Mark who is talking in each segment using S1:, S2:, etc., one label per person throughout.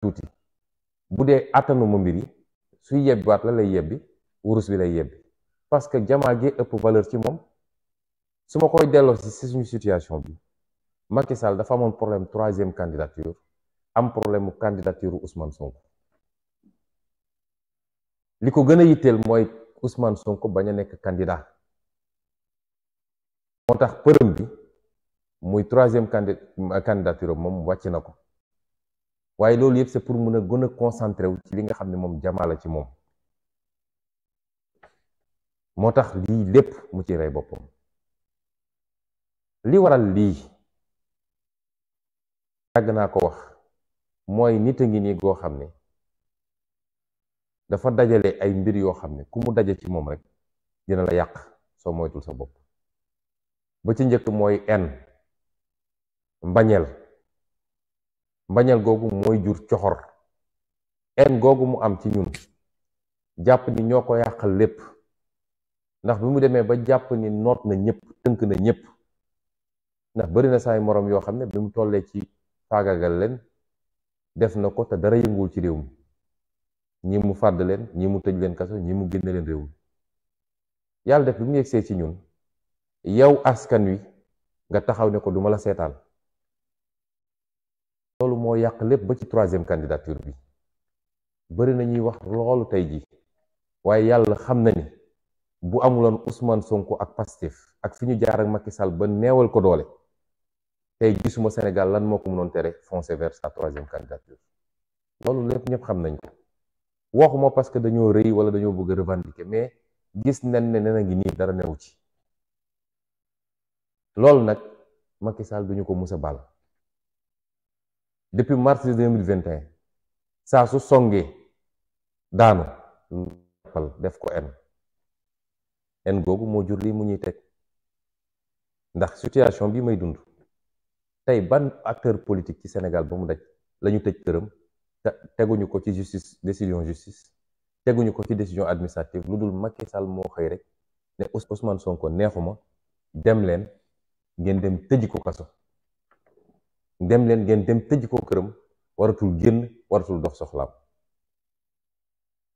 S1: tuuti bu dee attanuma mbir yi su yebbiwaat la lay yebbi wurus bi lay yebbi parce que jamaa gi ëpp valeur ci moom su ma koy delloo si suñu situation bi Macky Sall dafa amoon problème troisième candidature am problème mu candidature Ousmane Sonko li ko gën a yitteel mooy Ousmane Sonko bañ nekk candidat moo tax përëm bi muy troisième candi candidature moom wàcc na ko. waaye loolu yëpp c'est pour mën a gën a concentré wu ci li nga xam ne moom jamaa la ci moom moo tax lii lépp mu ci rey boppam li waral lii yàgg naa ko wax mooy nit a ngi nii goo xam ne dafa dajale ay mbir yoo xam ne ku mu daje ci moom rek dina la yàq soo moytul sa bopp ba ci njëkk mooy en mbañeel mbañal googu mooy jur coxor en googu mu am ci ñun jàpp ni ñoo ko yàqal lépp ndax bi mu demee ba jàpp ni noot na ñëpp tënk na ñëpp ndax bari na saay moroom yoo xam ne bi mu tollee ci faagagal leen def na ko te dara yënguwul ci réew mi ñi mu fàdd leen ñi mu tëj leen kaso ñii mu génne leen réew mi yàlla def bi mu yegsee ci ñun yow askan wi nga taxaw ne ko duma la seetaan lolu mo yak lepp ba ci troisième candidature bi bari na ñuy wax lolu tay ji waye yalla xam na ni bu amulon Ousmane Sonko ak Pastef ak fiñu jarang jaar ak Macky Sall ba neewal ko doole tey gisuma senegal lan moko mënon téré tere foncer vers sa troisième candidature lolu lepp ñep xam nañ ko waxuma parce que dañoo reuy wala dañoo bëgg revendiquer mais gis nañ ne nena ngi ni dara newu ci lolu nak Macky Sall duñu ko mësa a depuis mars 2021 ça su songee daanu jàppal def ko en en gogou mo jur mu ñuy tek ndax situation bi may dund tay ban acteur politique ci Sénégal ba mu daj la tej tëj këram ko ci justice décision justice teguñu ko ci décision administrative lu dul Macky Sall moo rek ne Ousmane Sonko neexuma dem len ngeen dem tëji ko kaso dem leen ngeen dem tëj ko këram waratul génn waratul dox soxlaam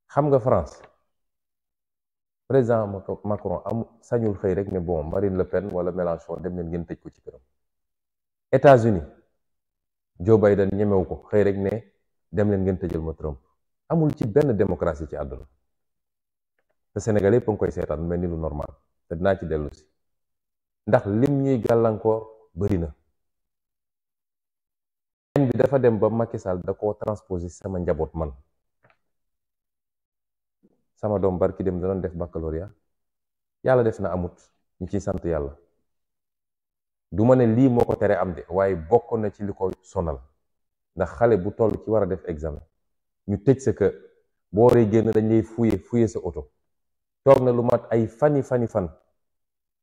S1: xam nga France président Macron am sañul xëy rek ne bon Marine Le Pen wala Mélenchon dem leen ngeen tëj ko ci këram États-Unis Joe Biden ñemewu ko xëy rek ne dem leen ngeen tëjal ma Trump amul ci benn démocratie ci àdduna te Sénégal yëpp a ngi koy seetaan mel ni lu normal te dinaa ci dellu si ndax lim ñuy gàllankoor bëri na. bi dafa dem ba Macky Sall da ko transposé sama njaboot man sama doom barki dem da doon def baccalauréat yàlla def na amut ñu ciy sant yàlla du ma ne lii moo ko tere am de waaye bokk na ci li ko la ndax xale bu toll ci war a def examen ñu tëj sa kër boo waree génn dañ lay fuye fuye sa oto toog na lu mat ay fani fani fan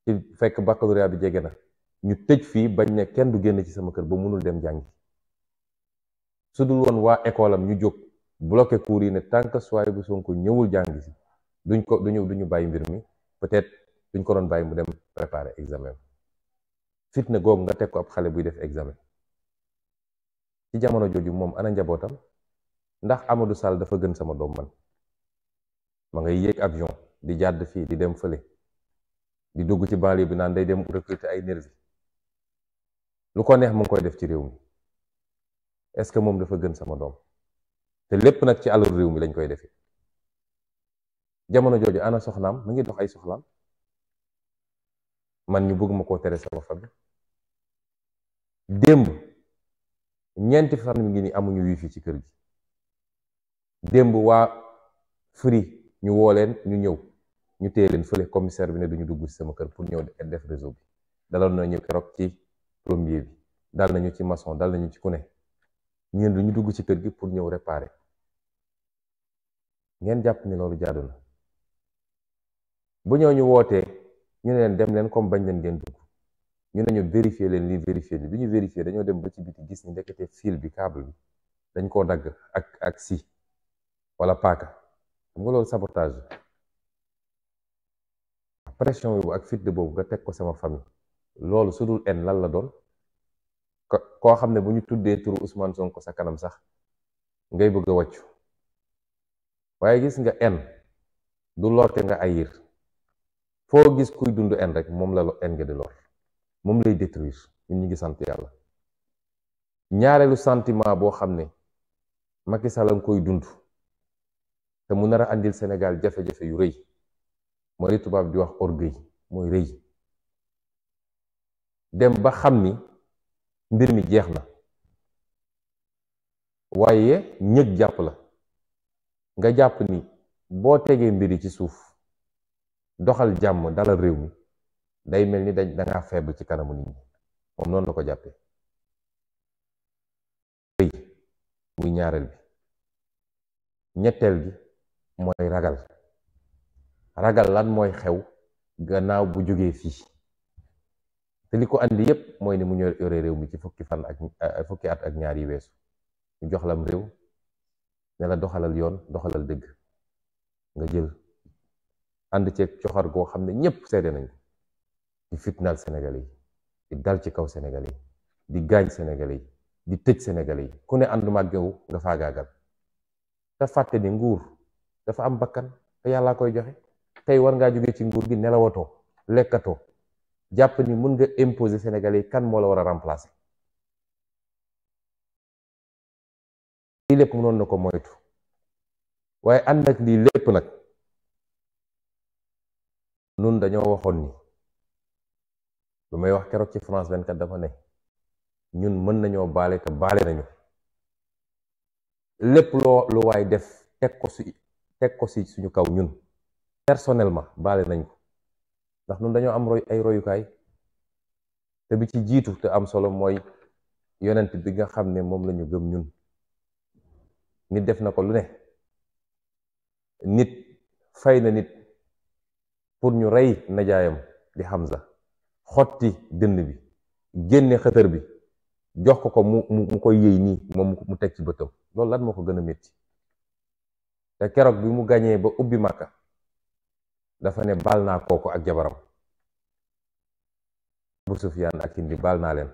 S1: ci fekk baccalauréat bi jege na ñu tëj fii bañ ne kenn du génn ci sama kër ba mënul dem jàngi su dul woon waa école am ñu jóg bloqué cours yi ne tant que Souhaïbou bu sunk ñëwul jàng si duñ ko duñu duñu bàyyi mbir mi peut-être duñ ko doon bàyyi mu dem préparer examen fitna googu nga teg ko ab xale buy def examen ci jamono jooju moom ana njabootam ndax Amadou Sall dafa gën sama doom man ma ngay yéeg avion di jàdd fii di dem fële di dugg ci banlieue bi naan day dem recruter ay nervi lu ko neex mu ngi koy def ci réew mi est-ce que moom dafa gën sama doom te lépp nag ci alal réew mi lañ koy defee jamono jooju ana soxnaam mu ngi dox ay soxlaam man ñu bëgg ma koo tere sama famille démb ñeenti fan mi ngi ni amuñu wifi ci kër gi démb waa Free ñu woo leen ñu ñëw ñu téye leen fële commissaire bi ne duñu dugg ci sama kër pour ñëw def réseau bi daloon nañu keroog ci plombier bi dal nañu ci maçon dal nañu ci ku ñeen du ñu dugg ci kër gi pour ñëw réparer ngeen jàpp ni loolu jaadu na bu ñëw ñu wootee ñu ne leen dem leen comme bañ leen ngeen dugg ñu ne ñu vérifier leen lii vérifier li bi ñu vérifier dañoo dem ba ci biti gis ni ndekete fil bi câble bi dañ koo dagg ak ak si wala paaka mu nga loolu sabotage pression boobu ak fit boobu nga teg ko sama famille loolu su dul en lan la doon ko xamne buñu tuddé ñu turu Ousmane Sonko sa kanam sax ngay bëgg waccu waye gis nga en du lorté nga ayir fo gis kuy dundu en rek mom la en nga di lor mom lay détruire ñun ñi ngi sant yàlla ñaareelu sentiment bo xamne Macky Sall nga koy dundu té mu nara andil Sénégal jafé jafé yu reuy moy li di wax orgueil moy reuy dem ba xamni mbir mi jeex na waaye ñëg jàpp la nga jàpp ni boo tegee mbir yi ci suuf doxal jàmm dalal réew mi day mel ni dañ dangaa faible ci kanamu nit ñi moom noonu la ko jàppee rëy muy ñaareel bi ñetteel bi mooy ragal ragal lan mooy xew gannaaw bu jógee fii te li ko andi yépp mooy ni mu ñor yore réew mi ci fukki fan ak eh, fukki at ak ñaar yi weesu ñu jox lam réew ne la doxalal yoon doxalal dëgg nga jël ànd ceeg coxar goo xam ne ñépp seede nañ ko di fitnaal Sénégalais yi di dal ci kaw senegal yi di gaañ Sénégalais yi di tëj senegal yi ku ne ànduma ak yow nga faagaagal te fàtte ni nguur dafa am bakkan te yàllaa koy joxe tey war ngaa jóge ci nguur gi nelawatoo lekkatoo jàpp ni mun nga imposer Sénégalais kan moo la war a remplacer lii lépp mënoon na ko moytu waaye ànd ak lii lépp nag nun dañoo waxoon ni lu may wax keroog ci France 24 dafa ne ñun mën nañoo baale te baale nañu lépp loo lu waay def teg ko si teg ko si suñu kaw ñun personnellement baale nañ ko ndax noonu dañoo am roy ay royukaay te bi ci jiitu te am solo mooy yonent bi nga xam ne moom lañu gëm ñun nit def na ko lu ne nit fay na nit pour ñu rey najaayam di Hamza xotti dënn bi génne xëtër bi jox ko ko mu mu koy yëy nii moom mu teg ci bëtam loolu lan moo ko gën a métti te keroog bi mu gañee ba ubbi Màkka dafa ne baal naa kooku ak jabaram bu Sufyaan ak Hindi baal naa leen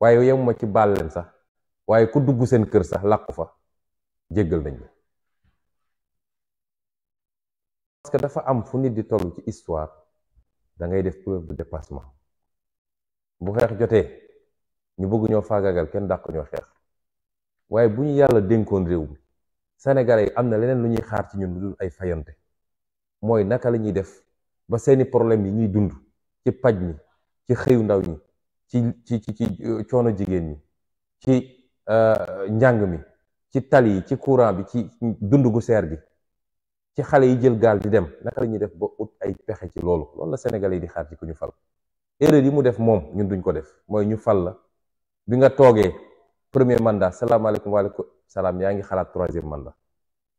S1: waaye yemuma ci baal leen sax waaye ku dugg seen kër sax làqu fa jéggal nañ la parce dafa am fu nit di toll ci histoire da ngay def preuve bu dépassement bu xeex jotee ñu bëgg ñoo faagaagal kenn dàq ñoo xeex waaye bu ñu yàlla dénkoon réew mi Sénégalais yi am na leneen lu ñuy xaar ci ñun lu dul ay fayante mooy naka la ñuy def ba seeni problème yi ñuy dund ci paj mi ci xëyu ndaw ñi ci ci ci ci euh, coono jigéen ñi ci euh, njàng mi ci tali yi ci courant bi ci dund gu seer gi ci xale yi jël gaal di dem naka la ñuy def ba ut ay pexe ci loolu loolu la Sénégalais yi di xaar ci ku ñu fal erreur yi mu def moom ñun duñ ko def mooy ñu fal la bi nga toogee premier mandat salaamaaleykum waaleykum salaam yaa ngi xalaat troisième mandat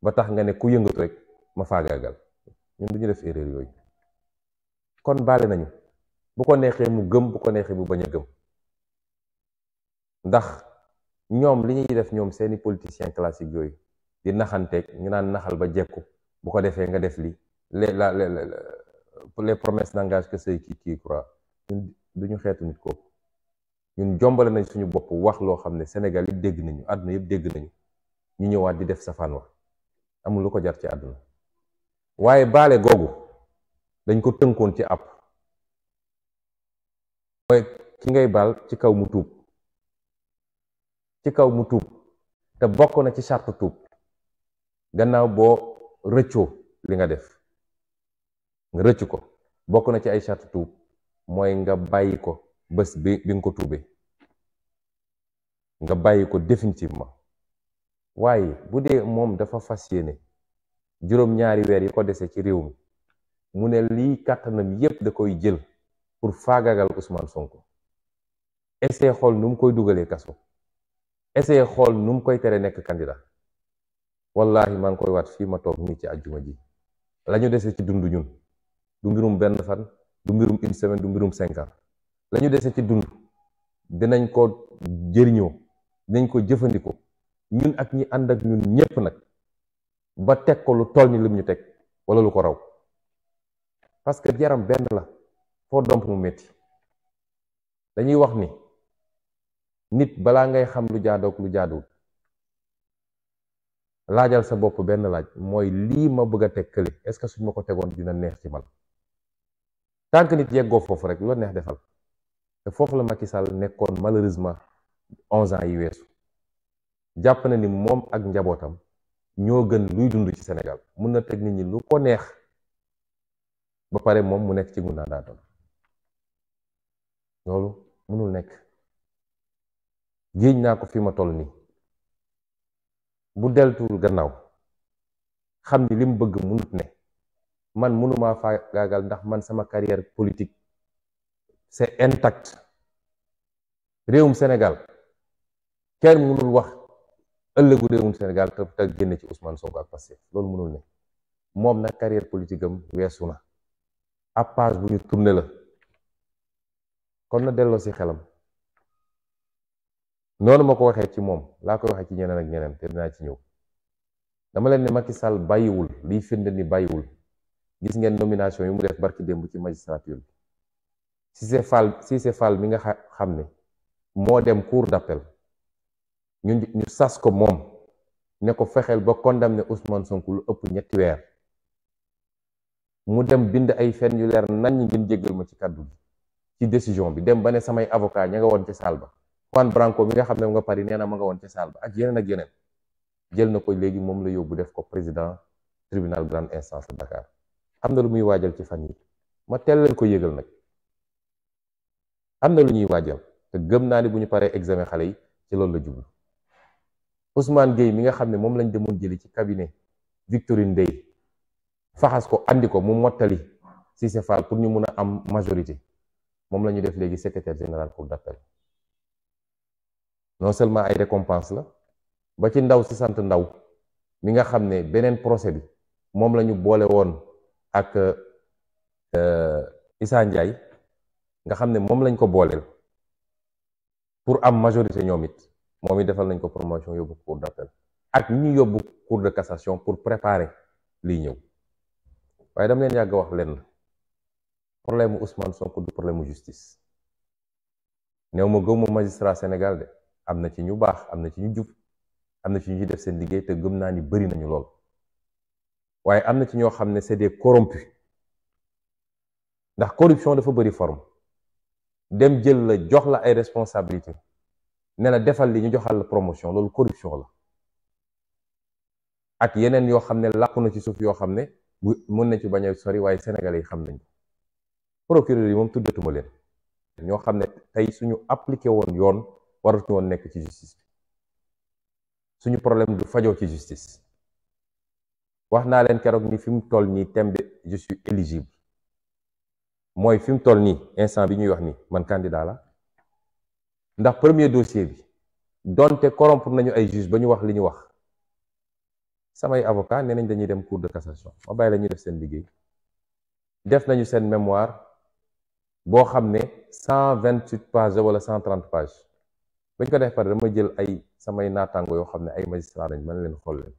S1: ba tax nga ne ku yëngatu rek ma faagaagal ñun du ñu def erreur yooyu kon baale nañu bu ko neexee mu gëm bu ko neexee mu bañ a gëm ndax ñoom li ñuy def ñoom seeni politiciens classiques yooyu di naxanteeg ñu naan naxal ba jekku bu ko defee nga def li les la les promesses d'engagement que ceux qui qui croient ñun du ñu xeetu nit kooku ñun jombale nañ suñu bopp wax loo xam ne Sénégal yëpp dégg nañu àdduna yëpp dégg nañu ñu ñëwaat di def safaan wax amul lu ko jar ci àdduna waaye baale googu dañ ko tënkoon ci àpp mooy ki ngay baal ci kaw mu tuub ci kaw mu tuub te bokk na ci charte tuub gannaaw boo rëccoo li nga def nga rëcc ko bokk na ci ay charte tuub mooy nga bàyyi ko bés bi bi nga ko tuubee nga bàyyi ko définitivement waaye bu dee moom dafa fas yéene juróom-ñaari weer yi ko desee ci réew mi mu ne lii kàttanam yépp da koy jël pour faagagal Ousmane Sonko essayé xool nu mu koy dugalee kaso essayé xool nu mu koy tere nekk candidat wallahi maa ngi koy waat fii ma toog nii ci àjjuma ji lañu ñu dese ci dund ñun du mbirum benn fan du mbirum une du mbirum cinq lañu la dese ci dund dinañ ko jëriñoo dinañ ko jëfandikoo ñun ak ñi ànd ak ñun ñépp nag ba teg ko lu toll ni lim ñu teg wala lu ko raw parce que yaram benn la foo domp mu métti dañuy wax ni nit balaa ngay xam lu jaadoog lu jaaduwul laajal sa bopp benn laaj mooy lii ma bëgg teg kële est-ce que suñ ma ko tegoon dina neex ci man tant nit yeggoo foofu rek lu la neex defal te foofu la Macky Sall nekkoon malheureusement onze ans yi weesu jàpp na ni moom ak njabootam ñoo gën luy dund ci senegal mun na teg nit ñi lu ko neex ba pare moom mu nekk ci mun naa daatam loolu mënul nekk géej naa ko fi ma toll nii bu deltuwul gannaaw xam ni li bëgg munut ne man mënumaa faagaagal ndax man sama carrière politique c'est intact réewum Sénégal kenn mënul wax ëllëgu réewum Sénégal te te génn ci Ousmane Sonko ak Pastef loolu mënul ne moom nag carrière politique am weesu na ab page bu ñu tourné la kon na delloo si xelam noonu ma ko waxee ci moom laa koy waxee ci ñeneen ak ñeneen te dinaa ci ñëw dama leen ne Macky Sall bàyyiwul liy firnde ni bàyyiwul gis ngeen nomination yi mu def barki démb ci magistrature bi Cissé Fall Cissé Fall mi nga xam ne moo dem cour d'appel ñu sas ko moom ne ko fexeel ba condamné Ousmane Sonko lu ëpp ñetti weer mu dem bind ay fen yu leer nan ñi ngeen jéggal ma ci kàddu gi ci décision bi dem ba ne samay avocat ña nga woon ca saal ba Juan Branco mi nga xam ne mu nga Paris nee ma nga woon ca saal ba ak yeneen ak yeneen jël na ko léegi moom la yóbbu def ko président tribunal grande instance de Dakar am na lu muy waajal ci fan yi ma teel leen ko yëgal nag am na lu ñuy waajal te gëm naa ni bu ñu paree examen xale yi ci loolu la jublu Ousmane Gueye mi nga xam ne moom lañ demoon jëli ci cabinet Victorine Ndeye faxas ko andi ko mu mottali Cissé Fall pour ñu mun a am majorité moom la ñu def léegi secretaire général cour d'appel non seulement ay récompense la ba ci ndaw si sant ndaw mi nga xam ne beneen procès bi moom la ñu boole woon ak euh, Issa Ndiaye nga xam ne moom lañ ko booleel pour am majorité ñoom it moom it defal nañ ko promotion yóbbu cour d'appel ak ñu yóbbu cour de cassation pour préparer lii ñëw waaye dama leen yàgg wax lenn problème mu Ousmane Sonko du problème mu justice néew ma gëmuma magistrat Sénégal de am na ci ñu baax am na ci ñu jub am na ci ñu def seen liggéey te gëm naa ni bëri nañu lool waaye am na ci ñoo xam ne c'est des corrompus ndax corruption dafa bëri forme dem jël la jox la ay responsabilités. ne la defal li ñu la promotion loolu corruption la ak yeneen yoo xam ne làqu na ci ne ci bañ sori sénégalais xam nañ procureur yi moom suñu appliqué woon yoon ci justice bi suñu problème du fajoo justice wax naa leen ni fi mu toll je suis éligible mooy fi mu ni man candidat ndax premier dossier bi donte corrompre nañu ay juge ba ñu wax li ñu wax samay avocat nee nañ dañuy dem cour de cassation ma bàyyi la def seen liggéey def nañu seen mémoire boo xam ne cent vingt huit pages wala cent trente bañ ko def pare dama jël ay samay naataango yoo xam ne ay magistrat lañ mën leen xool leen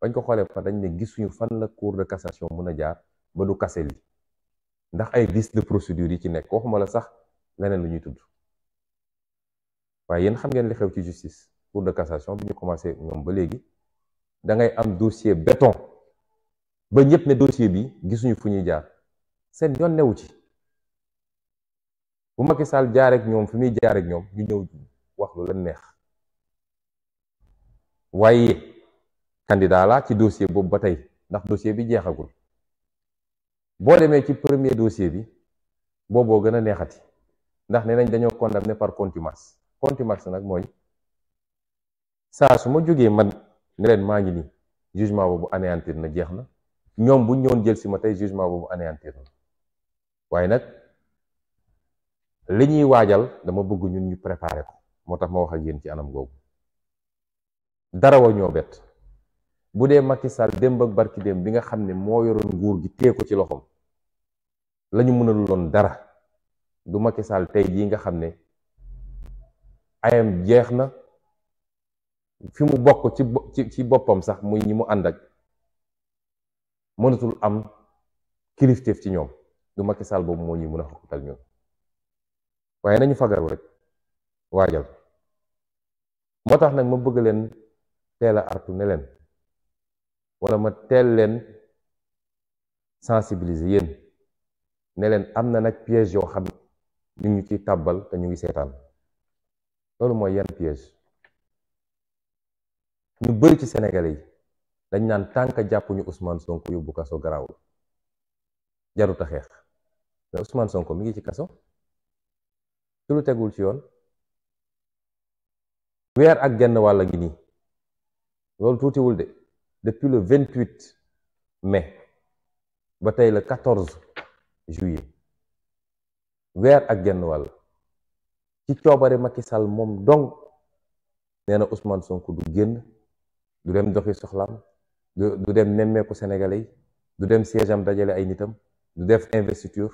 S1: bañ ko xoolee pare dañ ne gisuñu fan la cour de cassation mën a jaar ba du kase li ndax ay vices de procédure yi ci nekk waxuma la sax leneen lu ñuy tudd waaye yéen xam ngeen li xew ci justice pour de cassation bi ñu commencé ñoom ba léegi da ngay am dossier béton ba ñëpp ne dossier bi gisuñu fu ñuy jaar seen yoon newu ci bu Macky Sall jaar ak ñoom fi muy jaar ak ñoom ñu ñëw wax lu leen neex waaye candidat laa ci dossier boobu ba tey ndax dossier bi jeexagul boo demee ci premier dossier bi booboo gën a neexati ndax nee nañ dañoo condamné par contumace konti nag mooy saa su ma joge man ne len ma ngi ni jugement bobu anéantir na jeexna ñom bu ñewon jël si ma tey jugement bobu anéantir na waaye nak liñuy wajal dama bëgg ñun ñu préparer ko motax ma wax ak yeen ci anam googu dara wa ñoo bett bu dee Macky Sall démb ak barki dem bi nga xamné mo yoron nguur gi té ko ci loxom lañu mënaluloon dara du Macky Sall tay nga xamné ayam jeex na fi mu bokk ci ci boppam sax muy ñi mu ànd ak mënatul am kilifteef ci ñoom du Macky Sall boobu moo ñuy mën a xoqatal ñun waaye nañu fagaru rek waajal moo tax nag ma bëgg leen teela artu ne leen wala ma teel leen sensibiliser yéen ne leen am na nag piège yoo xam ñu ngi ciy tàbbal te ñu ngi seetaan loolu mooy yan piège ñu bëri ci Sénégalais yi dañ naan tànk jàppuñu usmaan Sonko yóbbu kaso garaawul jarut a xeex mais Sonko mi ngi ci kaso ci lu tegul ci yoon weer ak genn wàll gi nii loolu tuutiwul de depuis le vingt huit mais ba tey le quatorze juillet weer ak genn wàll. ci coobare Macky Sall moom dong nee na Ousmane Sonko du génn du dem doxi soxlaam du dem nemmeeku Sénégalais yi du dem siège dajale ay nitam du def investiture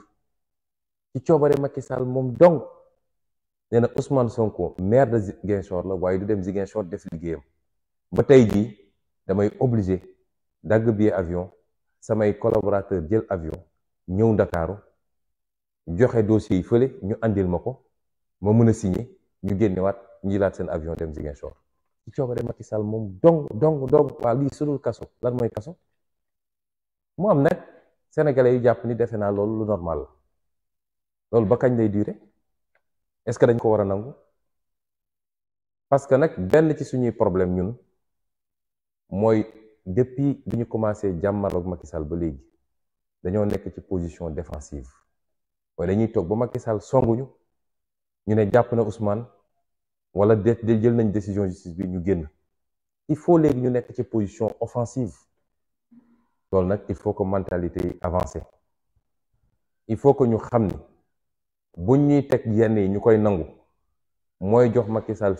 S1: ci coobare Macky Sall moom dong nee na Ousmane Sonko maire de Ziguinchor la waaye du dem Ziguinchor def liggéeyam ba tey jii damay obligé dagg bi avion samay collaborateur jël avion ñëw Ndakaaru joxe dossier yi fële ñu andil ma ko. moo mën a signé ñu génnewaat laat seen avion dem Ziguinchor ci coobare Macky Sall moom dong dong dong waa lii sudul kaso lan mooy kaso mu am nag sénégalais yu jàpp ni defe naa loolu lu normal la loolu ba kañ lay durer est-ce que dañ ko war a nangu parce que nag benn ci suñuy problème ñun mooy depuis bi ñu commencé jàmmarloog Macky Sall ba léegi dañoo nekk ci position défensive mooy dañuy toog ba Macky Sall songuñu ñu ne jàpp na Ousmane wala de jël nañ décision justice bi ñu il faut léegi ñu nekk ci position offensive il faut que mentalité yi il faut que ñu xam ni buñ ñuy teg yenn yi ñu koy jox ay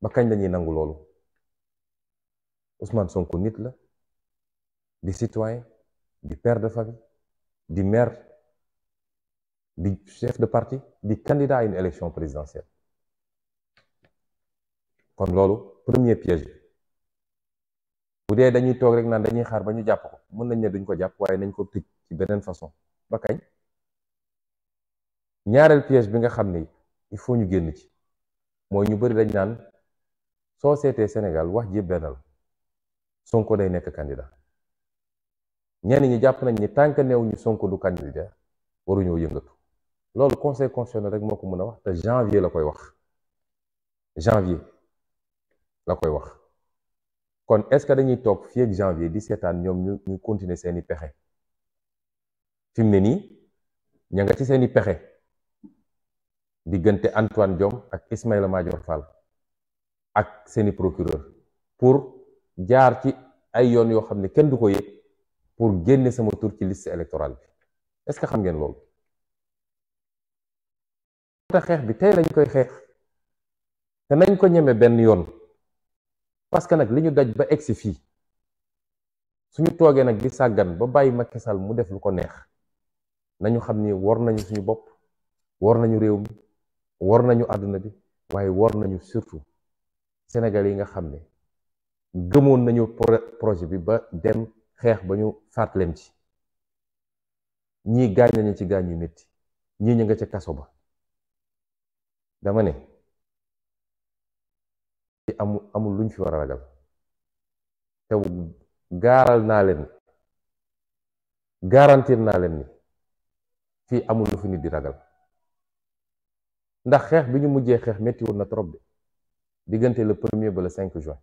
S1: ba kañ Ousmane Sonko nit la di citoyen de famille des mères, di chef de parti di candidat à une élection présidentielle kon loolu premier piège bi bu dee dañuy toog rek naan dañuy xaar ba ñu jàpp ko mën nañ ne duñ ko jàpp waaye nañ ko tëj ci beneen façon ba kañ piège bi nga xam il faut ñu génn ci moy ñu bari dañ nan société Sénégal wax ji benn la Sonko day nek candidat ñen ñi japp nañ ni tank néw néew ñu Sonko du candidat waru ñu yëngatu loolu conseil constitutionnel rek moo ko wax te janvier la koy wax janvier la koy wax kon est-ce que dañuy top fii ak janvier 17 seetaan ñoom ñu ñu continuer seeni pexe fi mu ne nii ña nga ci seeni pexe diggante Antoine Diom ak Ismaël Madior Fall ak seeni procureur pour jaar ci ay yone yo xamné kenn du ko yëg pour génne sama tour ci liste électorale est-ce que xam ngeen loolu. te xeex bi tey lañ koy xeex te nañ ko ñeme benn yoon parce que nag li ñu daj ba egsi fii suñu toogee nag di sàggan ba bàyyi ma kesal mu def lu ko neex nañu xam ni war nañu suñu bopp war nañu réew mi war nañu àdduna bi waaye wor nañu surtout Sénégal yi nga xam ne gëmoon nañu projet bi ba dem xeex ba ñu faat leen ci ñii gaañ nañu ci gaañ metti ñii ñu nga ca kaso ba dama ne ci amu amul luñ fi wara a ragal te garal na len garantir na len ni fi amu lu fi nit di ragal ndax xex biñu mujjé xex metti woon na trop de digënté le 1er ba le 5 juin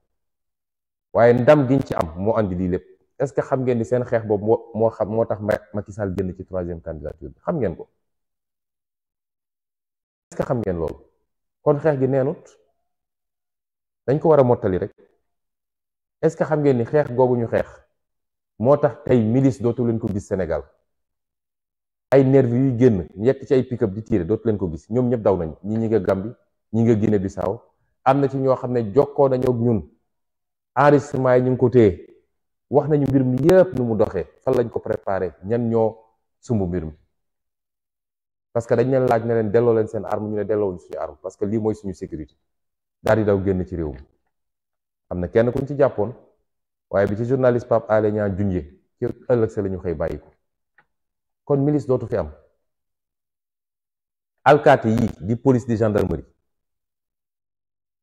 S1: waye ndam giñ ci am mo andi li lepp est-ce xam ngeen ni seen xex bob mo xam moo tax Macky Sall génn ci 3e candidature xam ngeen ko est-ce xam ngeen loolu kon xeex gi neenut dañ ko war a mottali rek est-ce que xam ngeen ni xeex googu ñu xeex moo tax tey milice dootu leen ko gis senegal ay nervi yuy génn yekk ci ay pick-up di tiire dootu leen ko gis ñoom ñëpp daw nañ ñi ñi nga Gambie ñi nga Guinée Bissau am na ci ñoo xam ne jokkoo nañoo ak ñun enregistrement yi ñu ngi ko téye wax nañu mbir mi yëpp nu mu doxee fan lañ ko préparé ñan ñoo sumb mbir mi parce que dañ leen laaj ne leen delloo leen seen arme ñu ne delloowuñ suñu arme parce que lii mooy suñu sécurité daal di daw génn ci réew mi am na kenn kuñ ci jàppoon waaye bi ci journaliste Pape Alé Niang junjee ci ëllëg sa la ñu xëy bàyyi ko kon milice dootu fi am alkaati yi di police di gendarmerie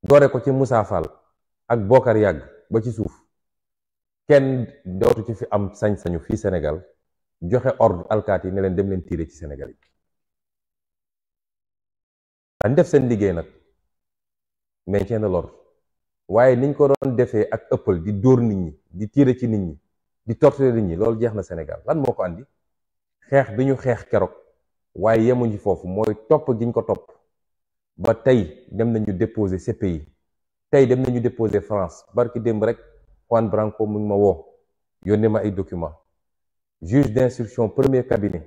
S1: doore ko ci Moussa Fall ak Bokar Yàgg ba ci suuf kenn dootu ci fi am sañ-sañu fii Sénégal joxe ordre alkaati yi ne leen dem leen tiire ci Sénégal yi dañ def sen nak maintien de l'ordre waaye niñ ko doon defé ak ëppal di dóor nit ñi di tiire ci nit ñi di torturer nit ñi lool jeex na Sénégal lan moko andi xex biñu xex kérok waye est yemuñu fofu moy top, giñ ko top ba tay dem nañu déposer pays tay dem nañu déposer France barki dem rek Juan Branco mu ma wo yonne ma ay document juge d'instruction premier cabinet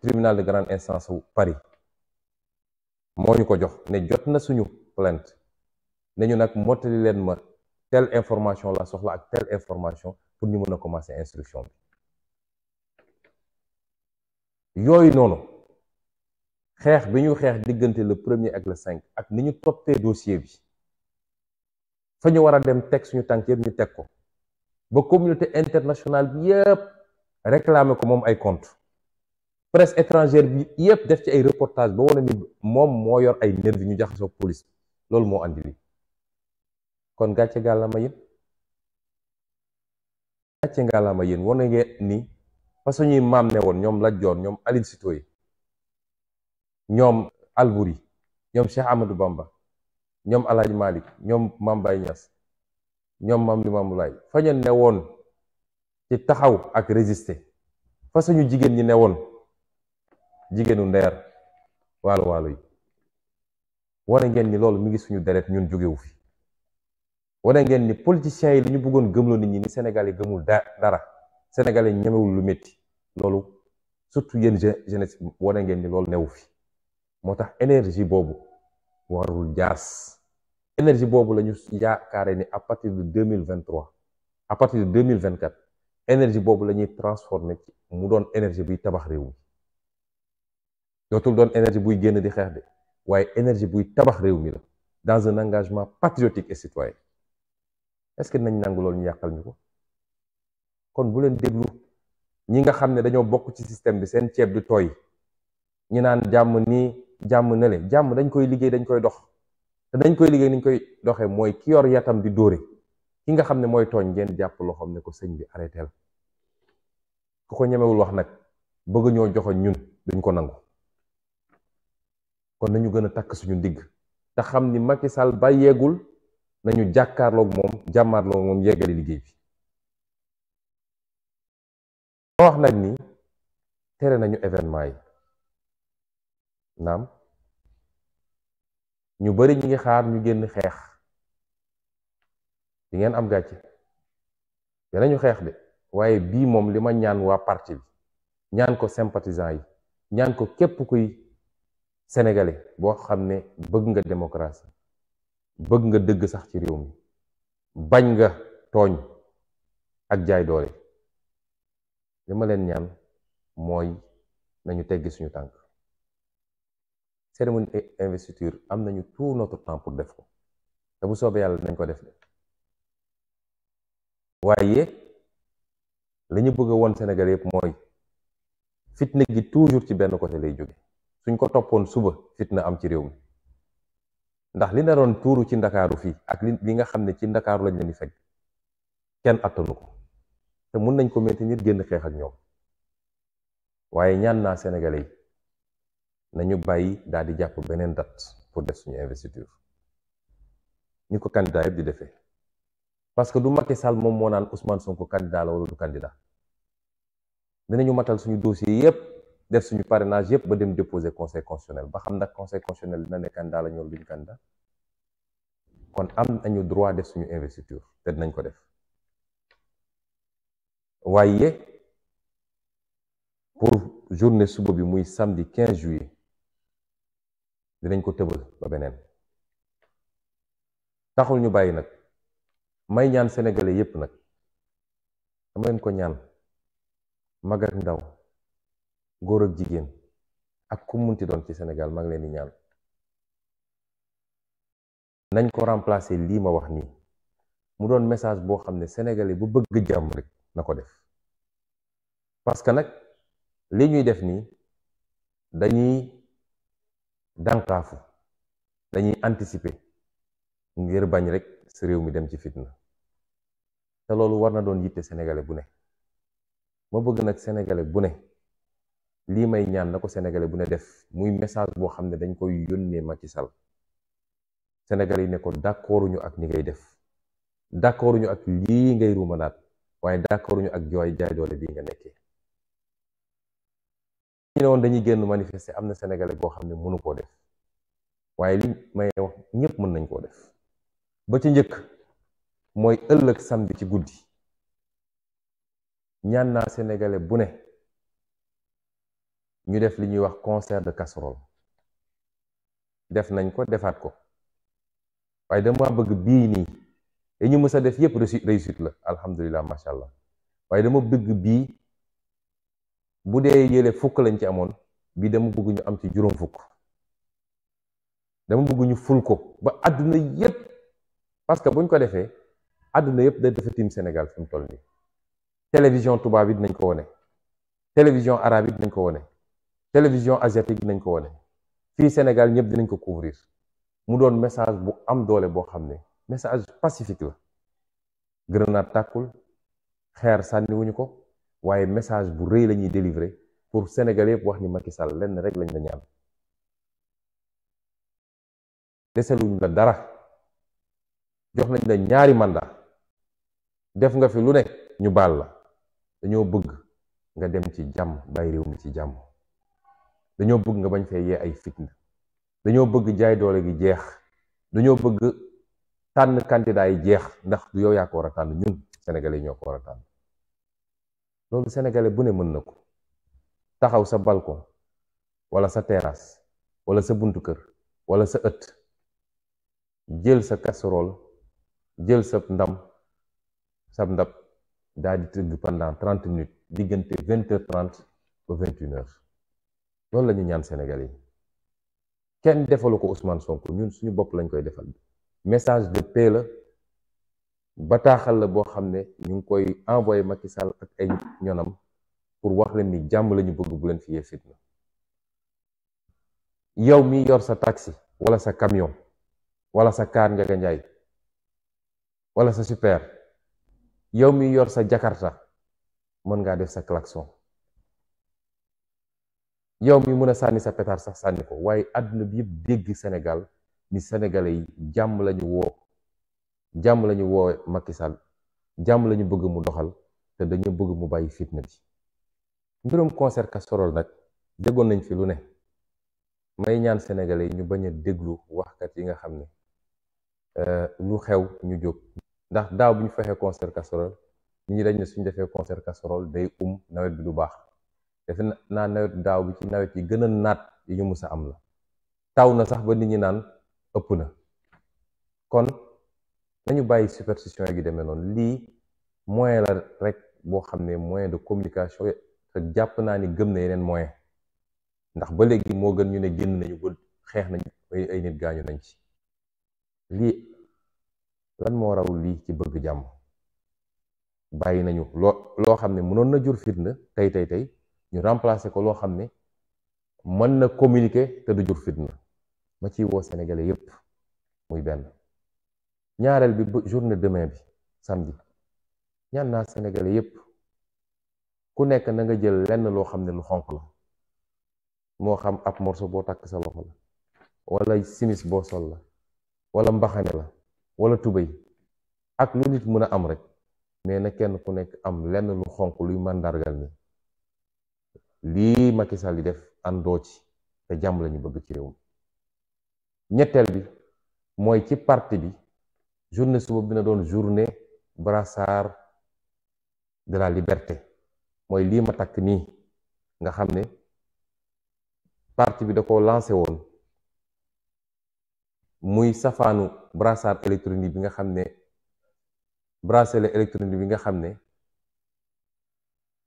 S1: tribunal de grande instance Paris moo ko jox né jot na suñu plainte né ñu nak motali leen ma telle information la soxla ak telle information pour ñu mëna commencer instruction bi yoy nono xex biñu xex xeex le premier ak le 5 ak niñu ñu dossier bi fa ñu war dem tek suñu tànk yëpp ñu tek ko ba communauté internationale bi yëpp réclamer ko mom ay compte presse étrangère bi yépp def ci ay reportage ba wone ni mom mo yor ay nerve ñu jaxaso police lool mo andi li kon gàcce gàllama yéen gàcce gàllama yeen wane nge ni fa suñuy mam ne ñom la jor ñom Aline Sitoé ñom Albouri ñom Cheikh Amadou Bamba ñom El malik ñom mam Mame Baye Niass ñom mam li Laye lay ñu ne ci taxaw ak résister fa suñu jigen ñi ne jigéenu ndeer waalo waalo yi wane ngeen ni loolu mu ngi suñu deret ñun jógewu fi wane ngeen ni politiciens yi li ñu bëggoon gëmloo nit ñi ni Sénégal yi gëmul dara Sénégal yi ñemewul lu métti loolu surtout yéen jeunesse wane ngeen ni loolu newu fi moo tax énergie boobu warul jaas énergie boobu la ñu yaakaare ni à partir de deux mille vingt trois à partir de mille vingt quatre énergie boobu la ñuy transformé ci mu doon énergie biy tabax réew mi dootul doon énergie buy génn di xeex de waaye énergie buy tabax réew mi la dans un engagement patriotique et citoyen est-ce que nañ nangu loolu ñu yàqal ñu ko kon bu leen déglu ñi nga xam ne dañoo bokk ci système bi seen ceeb di tooy ñi naan jàmm nii jàmm nele jàmm dañ koy liggéey dañ koy dox te dañ koy liggéey dañ koy doxee mooy ki yor yatam di dóore ki nga xam ne mooy tooñ ngeen jàpp loxoom ne ko sëñ bi arrêté la ku ko ñemewul wax nag bëgg ñoo joxoñ ñun duñ ko nangu kon nañu gën a takk suñu ndigg te xam ni Macky Sall bàyyeegul nañu jàkkaarloog moom jàmmaarloog moom yeggali liggéey bi ma wax ni tere nañu événement yi naam ñu bari ñi xaar ñu génn xeex di ngeen am gàcce danañu xeex de waaye bii moom li ma ñaan waa parti bi ñaan ko sympathisant yi ñaan ko képp kuy sénégalais boo xam ne bëgg nga démocratie bëgg nga dëgg sax ci réew mi bañ nga tooñ ak jaay doole li ma leen ñaan mooy nañu teggi suñu tànk cérémonie investiture am nañu tout notre temps pour def ko te bu soobee yàlla nañ ko def de waaye li ñu bëgg woon Sénégal yëpp mooy fitna gi toujours ci benn côté lay jóge suñ ko topon suba fitna am ci réew mi ndax li ron touru ci dakaru fi ak li nga xamne ci dakaru lañu ni di kenn attanu ko te mën nañ ko maintenir genn xex ak ñoom waye ñaan na sénégalais nañu bayyi di jàpp date pour def suñu investiture ni ko candidat yëpp di parce que du Macky Sall mom mo nan Ousmane Sonko candidat la wala du candidat dinañu matal suñu dossier yépp def suñu parrainage yépp ba dem déposer conseil constitutionnel ba xam nag conseil constitutionnel dina ne candidat la ñoom duñu candidat kon am nañu droit def suñu investiture te dinañ ko def waaye pour journée suba bi muy samedi 15 juillet dinañ ko tëbal ba beneen taxul ñu bàyyi nag may ñaan sénégalais yépp nag dama leen ko ñaan mag ak ndaw goor ak jigen ak ku munti don ci senegal mag leni ñaan nañ ko remplacer li ma wax ni mu don message Pas xamne senegalais bu bëgg jamm rek nako def parce que nak li ñuy def ni dañuy dankafu dañuy anticiper ngir bañ rek sa rew mi dem ci fitna té loolu warna don yitté sénégalais bu né ma bëgg nak sénégalais bu né lii may ñaan na ko sénégalais bu ne def muy message boo xam ne dañ koy yónnee Macky sal sénégalais yi ne ko d'accorduñu ak ni ngay def d'accorduñu ak lii ngay ruumanaat waaye d'accorduñu ak jooy jaay doole bii nga nekkee ñu ne woon dañuy génn manifester am na sénégalais boo xam ne mënu koo def waaye li may wax ñëpp mën nañ koo def ba ci njëkk mooy ëllëg samedi ci guddi ñaan naa sénégalais bu ne ñu def li ñuy wax concert de casserole def nañ ko defaat ko waaye dama bëgg bii nii li ñu mës a def yépp réussite la alhamdulilah macha allah waaye dama bëgg bii bu dee yële fukk lañ ci amoon bii dama bëgg am ci juróom fukk dama bëgguñu ñu ful ko ba àdduna yépp parce que buñ ko defee àdduna yépp da dafa tiim Sénégal fi mu toll nii télévision tubaab bi dinañ ko wone télévision arabe bi dinañ ko wone télévision asiatique nañ ko wone fii senegal ñëpp dinañ ko couvrir mu doon message bu am doole boo xam ne message pacifique la grenade tàkkul xeer sànniwuñu ko waaye message bu rëy lañuy ñuy pour Sénégal yëpp wax ni Macky Sall lenn rek lañ la ñaan deseluñu la dara jox nañ la ñaari mandat def nga fi lu ne ñu baal la dañoo bëgg nga dem ci jàmm bàyyi réew mi ci jàmm dañu bëgg nga bañ fay yé ay fitna dañu bëgg jaay doole gi jeex dañu bëgg tànn candidat yi jeex ndax du yow ya ko wara a ñun sénégalais ñoko wara war a tànn sénégalais bu ne mën nako taxaw sa balcon wala sa terrasse wala sa buntu kër wala sa ëtt jël sa casserole jël sa ndam sa ndab daal di tëgg pendant 30 minutes diggante 20h30 ba 21h non lañu ñaan Sénégal yi kenn defalu ko Ousmane Sonko ñun suñu bop lañ koy defal message de paix la taxal la bo xamné ñu ngi koy envoyer Macky Sall ak ay ñonam pour wax leen ni jamm lañu bëgg bu leen fi yé fitna yow mi yor sa taxi wala sa camion wala sa car njaga njaay wala sa super yow mi yor sa jakarta mën nga def sa klaxon yow mi mën a sànni sa pétard sax sànni ko waaye àdduna bi yëpp dégg Sénégal ni sénégalais yi jàmm lañu woo jàmm lañu woo Macky Sall jàmm lañu bëgg mu doxal te dañu bëgg mu bàyyi fitna bi mbirum concert casserole nag déggoon nañ fi lu ne may ñaan sénégalais yi ñu bañ a déglu waxkat yi nga xam ne euh, lu xew ñu jóg ndax daaw bu ñu fexee concert casserole nit ñi dañ ne suñu defee concert casserole day um nawet bi du baax defe naa nawetu daaw bi ci nawet yi gën a naat yi ñu mus a am la taw na sax ba nit ñi naan ëpp na kon nañu bàyyi superstition yi demee noonu lii moyen la rek boo xam ne moyen de communication te jàpp naa ni gëm na yeneen moyen ndax ba léegi moo gën ñu ne génn nañu ba xeex nañu ay nit gaañu nañ ci lii lan moo raw lii ci bëgg jàmm bàyyi nañu loo loo xam ne mënoon na jur fitna tey tey tey ñu remplacer ko loo xam ne mën na communiquer te du jur fitna ma ciy woo sénégalais yépp muy benn ñaareel bi ba journée demain bi samedi ñaan naa sénégalais yépp ku nekk na nga jël lenn loo xam ne lu xonq la moo xam ab morceau boo takk sa loxo la wala simis boo sol la wala mbaxane la wala tubéy ak lu nit mun a am rek mais na kenn ku nekk am lenn lu xonq luy màndargal ni li Macky Sall di def ando ci te jamm lañu bëgg ci réew ñettel bi moy ci parti bi journée suba bi na doon journée brassard de la liberté moy li ma tak ni nga xamné parti bi da ko lancé won muy safanu brassard électronique bi nga xamné ne électronique bi nga xamné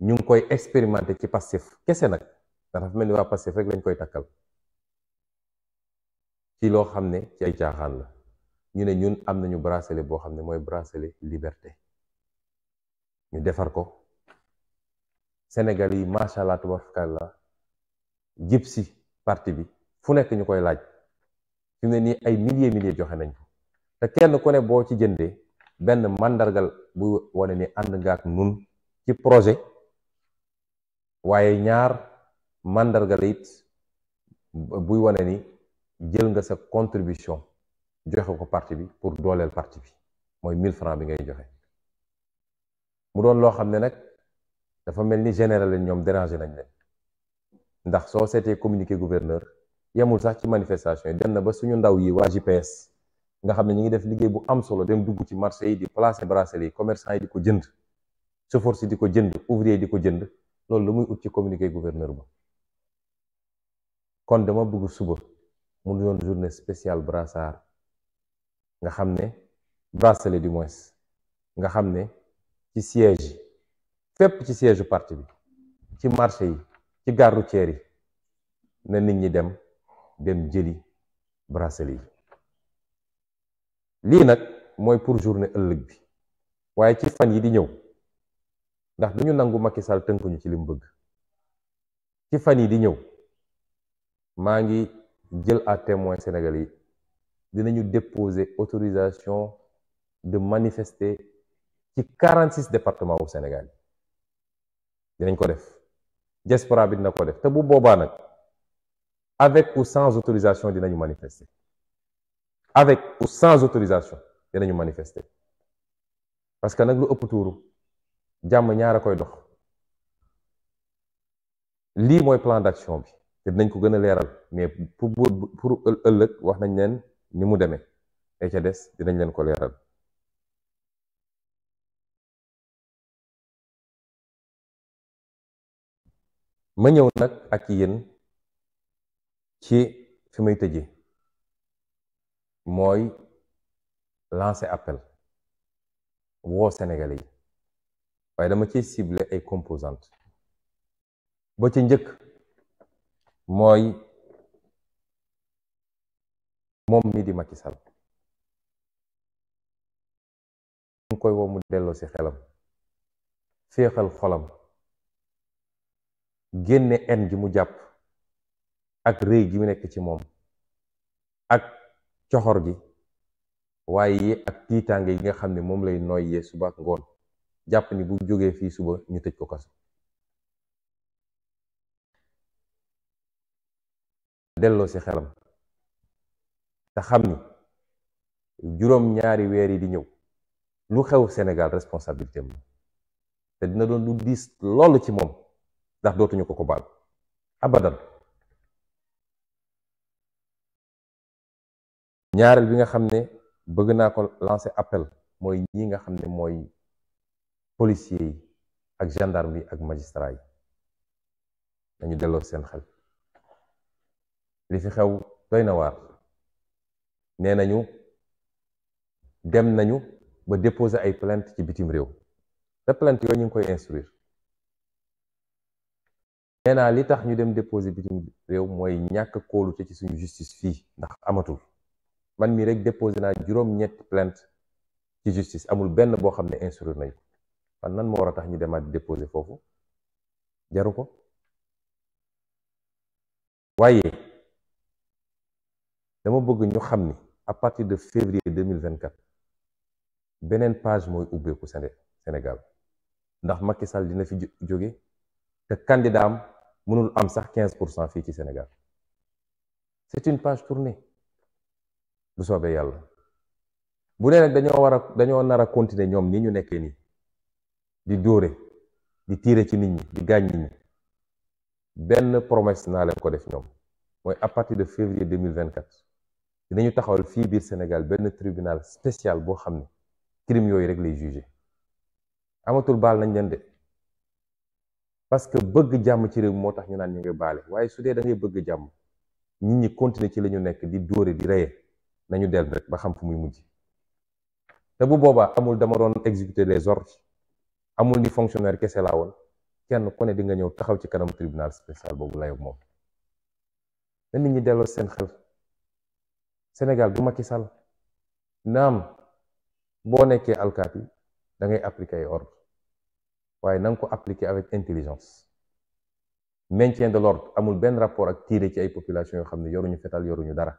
S1: ñu ngi koy expérimenter ci Pastef kese nag ndax dafa mel ni waa Pastef rek lañ koy takkal ci loo xam ne ci ay caaxaan la ñu ne ñun am nañu bracelet boo xam ne mooy bracelet liberté ñu defar ko Sénégal yi macha allah tabarakallah jib si parti bi fu nekk ñu koy laaj fi ne nii ay milliers milliers joxe nañ ko te kenn ku ne boo ci jëndee benn màndargal bu wane ni ànd nga ak nun ci projet waaye ñaar màndarga la buy wane ni jël nga sa contribution joxe ko parti bi pour dooleel parti bi mooy mille francs bi ngay joxe mu doon loo xam ne nag dafa mel ni général leen ñoom déranger nañ ne ndax soo seetee communiqué gouverneur yemul sax ci manifestation yi dem na ba suñu ndaw yi waa GPS nga xam ne ñu ngi def liggéey bu am solo dem dugg ci marché yi di placer bracelet yi commerçant yi di ko jënd chauffeur si di ko jënd ouvrier yi di ko jënd loolu lu muy ut ci communiqué gouverneur ba kon dama bëgg suba mu doon journée spéciale brassard nga xam ne bracelet du moins nga xam ne ci siège yi fépp ci siège parti bi ci marché yi ci gare routière yi na nit ñi dem dem jëli bracelet yi lii nag mooy pour journée ëllëg bi waaye ci fan yi di ñëw ndax duñu nangu Macky Sall tënkuñu ci li bëgg ci fani di ñëw ma ngi jël à témoin sénégalais. yi dinañu déposer autorisation de manifester ci 46 départements au Sénégal yi dinañ ko def diaspora bi dina ko def te bu boba nak avec ou sans autorisation dinañu manifester avec ou sans autorisation dinañu manifester parce que nak lu ëpp tuuru jàmm ñaar a koy dox lii mooy plan d'action bi te dinañ ko gën a leeral mais pour pour ëllëg wax nañ leen ni mu deme et des dinañ leen ko leeral ma ñëw nag ak yéen ci fi may tëjee mooy lancer appel woo Sénégalais yi waaye dama ciy cibler ay composante ba ca njëkk mooy moom mi di Macky Sall mu koy woo mu delloo ci xelam féexal xolam génne en gi mu jàpp ak rëy gi mu nekk ci moom ak coxor gi waaye ak tiitaange yi nga xam ne moom lay nooy yéesu suba ak ngoon jàpp ni bu jógee fii suba ñu tëj ko kaso delloo si xelam te xam ni juróom ñaari weer yi di ñëw lu xew Sénégal responsabilité am te dina doon lu diis loolu ci moom ndax dootuñu ko ko baal abadan ñaareel bi nga xam ne bëgg naa ko lancer appel mooy ñi nga xam ne mooy policiers yi ak gendarme yi ak magistrat yi nañu delloo seen xel li fi xew doy na waar nee nañu dem nañu ba déposer ay plainte ci bitim réew te plainte yooyu ñu ngi koy instruire nee naa li tax ñu dem déposer bitim réew mooy ñàkk kóolute ci suñu justice fii ndax amatul man mii rek déposé naa juróom-ñetti plainte ci justice amul benn boo xam ne instruire nañu kon nan mo wara tax ñu demaat déposer fofu jaruko ko dama bëgg ñu xamni à partir de février 2024 benen page moy mooy ko Sénégal ndax Macky Sall dina fi joggé te candidat am mënul am sax 15 fi ci Sénégal c'est une page tournée bu soobee yalla bu né nak dañoo wara dañoo nara continuer ñom ni ñu nekké ni di dóore di tiire ci nit ñi di gaañ nit ñi benn promesse naa leen ko def ñoom mooy à partir de février 2024 dinañu taxawal fii biir Sénégal benn tribunal spécial boo xam ne crime yooyu rek lay jugé amatul baal nañ leen de parce que bëgg jàmm ci réew moo tax ñu naan ñu ngi baale waaye su dee da bëgg jàmm nit ñi continuer ci la ñu nekk di dóore di reye nañu del rek ba xam fu muy mujj te bu boobaa amul dama doon exécuter les ordres amul ni fonctionnaire kese laa woon kenn ku ne di nga ñëw taxaw ci kanam tribunal spécial boobu layoog moom na nit ñi delloo seen xel Sénégal du Macky Sall naam boo nekkee alkaati da ngay appliquer ay ordre waaye nan ko appliquer avec intelligence maintien de l'ordre amul benn rapport ak tiire ci ay population yoo xam ne yoruñu fetal yoruñu dara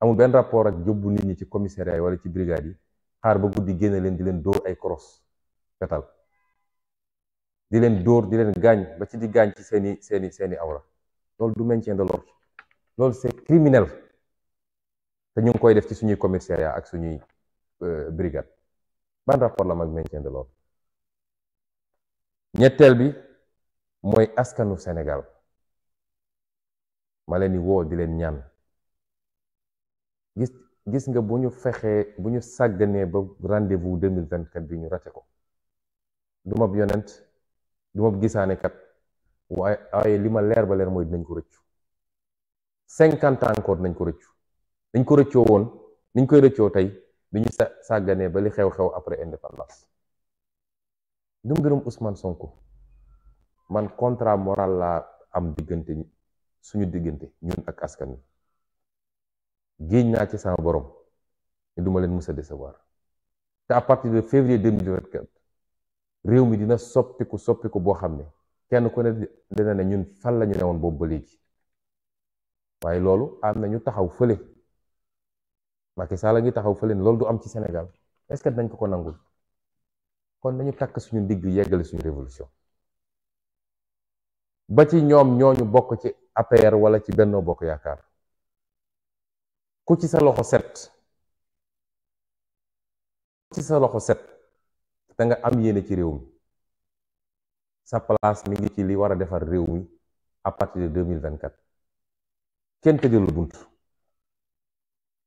S1: amul benn rapport ak yóbbu nit ñi ci commissariat yi wala ci brigade yi xaar ba guddi génne leen di leen dóor ay cross fetal di len dor di len gagne ba ci di gagne ci seni seni seni awra lol du maintien de l'ordre lol c'est criminel te ñu ngi koy def ci suñuy commissariat ak suñuy euh, brigade ban rapport la mag maintien de l'ordre ñettel bi moy askanu senegal maleni wo di len ñaan gis gis nga buñu fexé buñu bu ba rendez-vous 2024 bi ñu ko du bi yonent du ma gisaane kat waaye waaye li ma leer ba leer mooy dinañ ko rëccu cinquante ans nañ ko rëccu dañ ko rëccoo woon niñ koy rëccoo tey bi ñu sa sàgganee ba li xew-xew après indépendance gëm gërëm Ousmane Sonko man contrat moral laa am diggante suñu diggante ñun ak askan wi géeñ naa ci sama borom ne duma leen mës a décevoir te à de février 2024 réew mi dina soppiku soppiku boo xam ne kenn ku ne dina ne ñun fan la ñu newoon boobu ba léegi waaye loolu am na ñu taxaw fële Macky Sall a taxaw fële ne loolu du am ci Sénégal est-ce que dañ ko ko nangul kon nañu takk suñu ndigg yeggale suñu révolution ba ci ñoom ñoo ñu bokk ci APR wala ci Benno Bokk Yaakaar ku ci sa loxo set ku ci sa loxo set te nga am yéene ci réew mi sa place mi ngi ci li war a defar réew mi à partir de mille vingt quatre kenn tëjul la bunt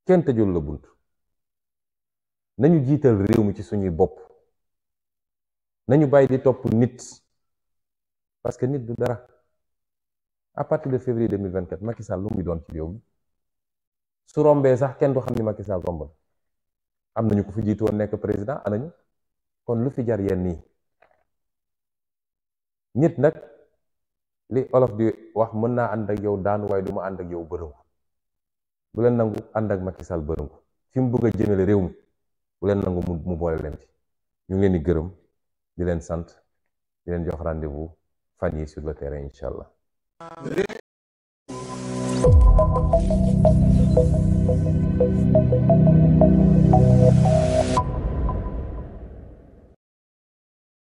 S1: kenn tëjul la bunt nañu jiital réew mi ci suñuy bopp nañu bàyyi di topp nit parce que nit du dara à partir de février deux Sall lu muy doon ci réew mi su rombee sax kenn du xam ni Macky Sall romb am nañu ko fu jiitoo nekk président anañu kon lu fi jar yenn yi nit nak li olof di wax mën na and ak yow daan way duma and ak yow beureum bu len nangu and ak Macky Sall beureum fi mu bëgg jëmele jëmale mi bu len nangu mu boole len ci ñu ngi leen di di leen sant di leen jox rendez-vous fan yi sur le terrain Thank you.